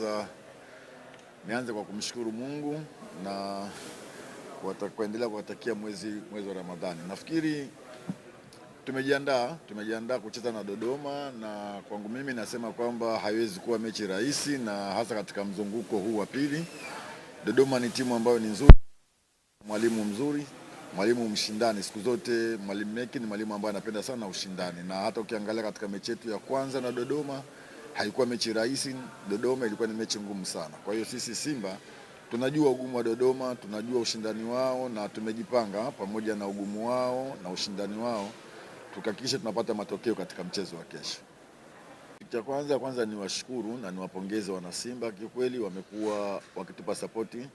kwanza nianze kwa kumshukuru Mungu na kuendelea kuwatakia mwezi mwezi wa Ramadhani. Nafikiri tumejiandaa tumejiandaa kucheza na Dodoma, na kwangu mimi nasema kwamba haiwezi kuwa mechi rahisi, na hasa katika mzunguko huu wa pili. Dodoma ni timu ambayo ni nzuri, mwalimu mzuri, mwalimu mshindani siku zote. Mwalimu Meki ni mwalimu ambaye anapenda sana ushindani, na hata ukiangalia katika mechi yetu ya kwanza na Dodoma haikuwa mechi rahisi. Dodoma ilikuwa ni mechi ngumu sana. Kwa hiyo sisi Simba tunajua ugumu wa Dodoma, tunajua ushindani wao na tumejipanga pamoja na ugumu wao na ushindani wao tukahakikisha tunapata matokeo katika mchezo wa kesho. Cha kwanza kwanza ni washukuru na niwapongeze wanasimba, kiukweli wamekuwa wakitupa sapoti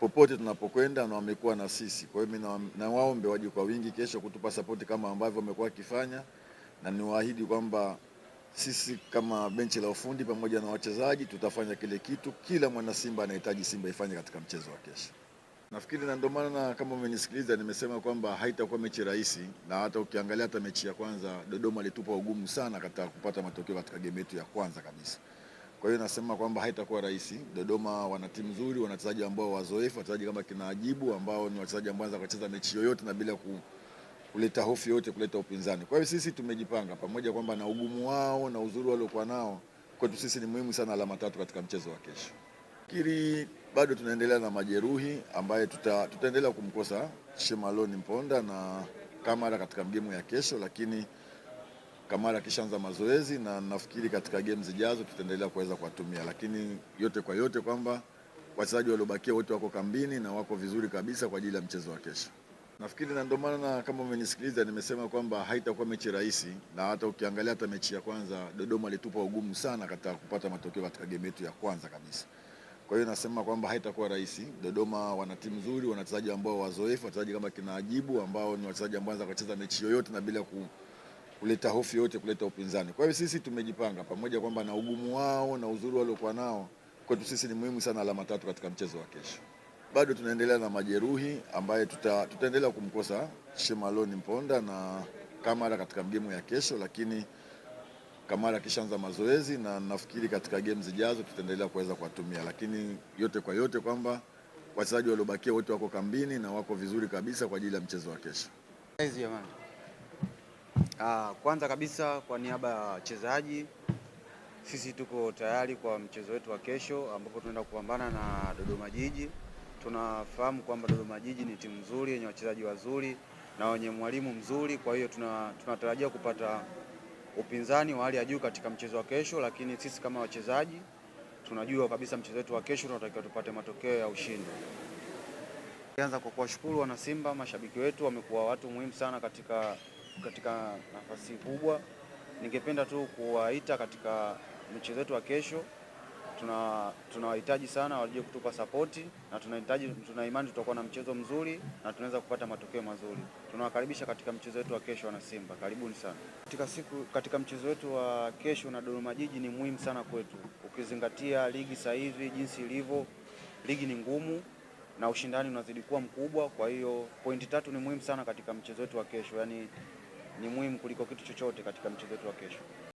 popote tunapokwenda na wamekuwa na sisi. Kwa hiyo mimi nawaombe waje kwa wingi kesho kutupa sapoti kama ambavyo wamekuwa wakifanya, na niwaahidi kwamba sisi kama benchi la ufundi pamoja na wachezaji tutafanya kile kitu kila mwana Simba anahitaji Simba ifanye katika mchezo wa kesho. Nafikiri na ndio maana kama umenisikiliza, nimesema kwamba haitakuwa mechi rahisi, na hata ukiangalia hata mechi ya kwanza Dodoma alitupa ugumu sana katika kupata matokeo katika game yetu ya kwanza kabisa. Kwa hiyo nasema kwamba haitakuwa rahisi. Dodoma wana timu nzuri, wana wachezaji ambao wazoefu, wachezaji kama kina Ajibu ambao ni wachezaji ambao wanaanza kucheza mechi yoyote na bila ku kuleta hofu yote, kuleta upinzani. Kwa hiyo sisi tumejipanga pamoja kwamba na ugumu wao na uzuri waliokuwa nao kwetu sisi ni muhimu sana alama tatu katika mchezo wa kesho. Kiri bado tunaendelea na majeruhi ambaye tuta, tutaendelea kumkosa Shemaloni Mponda na Kamara katika gemu ya kesho, lakini Kamara akishaanza mazoezi na nafikiri katika game zijazo tutaendelea kuweza kuwatumia, lakini yote kwa yote kwamba wachezaji waliobakia wote wako kambini na wako vizuri kabisa kwa ajili ya mchezo wa kesho. Nafikiri na ndio maana kama umenisikiliza nimesema kwamba haitakuwa mechi rahisi, na hata ukiangalia hata mechi ya kwanza Dodoma alitupa ugumu sana katika kupata matokeo katika game yetu ya kwanza kabisa. Kwa hiyo nasema kwamba haitakuwa rahisi. Dodoma wana timu nzuri, wana wachezaji ambao wazoefu, wachezaji kama kina Ajibu ambao ni wachezaji ambao wanaweza kucheza mechi yoyote na bila ku, kuleta hofu yoyote, kuleta upinzani. Kwa hiyo sisi tumejipanga pamoja kwamba na ugumu wao na uzuri waliokuwa nao, kwetu sisi ni muhimu sana alama tatu katika mchezo wa kesho bado tunaendelea na majeruhi ambaye tuta, tutaendelea kumkosa Shemaloni Mponda na Kamara katika gemu ya kesho, lakini Kamara akishaanza mazoezi na nafikiri katika game zijazo tutaendelea kuweza kuwatumia, lakini yote kwa yote kwamba wachezaji waliobakia wote wako kambini na wako vizuri kabisa kwa ajili ya mchezo wa kesho. Ah, kwanza kabisa kwa niaba ya wachezaji sisi tuko tayari kwa mchezo wetu wa kesho ambapo tunaenda kupambana na Dodoma Jiji tunafahamu kwamba Dodoma Jiji ni timu nzuri yenye wachezaji wazuri na wenye mwalimu mzuri. Kwa hiyo tunatarajia tuna kupata upinzani wa hali ya juu katika mchezo wa kesho, lakini sisi kama wachezaji tunajua kabisa mchezo wetu wa kesho tunatakiwa tupate matokeo ya ushindi. Anza kwa kuwashukuru wanasimba, mashabiki wetu wamekuwa watu muhimu sana katika, katika nafasi kubwa. Ningependa tu kuwaita katika mchezo wetu wa kesho tunawahitaji tuna sana waje kutupa sapoti na tunahitaji, tuna imani tutakuwa na mchezo mzuri na tunaweza kupata matokeo mazuri. Tunawakaribisha katika mchezo wetu wa kesho, na Simba, karibuni sana katika siku katika mchezo wetu wa kesho na Dodoma Jiji. Ni muhimu sana kwetu, ukizingatia ligi sasa hivi jinsi ilivyo, ligi ni ngumu na ushindani unazidi kuwa mkubwa. Kwa hiyo pointi tatu ni muhimu sana katika mchezo wetu wa kesho, yaani ni muhimu kuliko kitu chochote katika mchezo wetu wa kesho.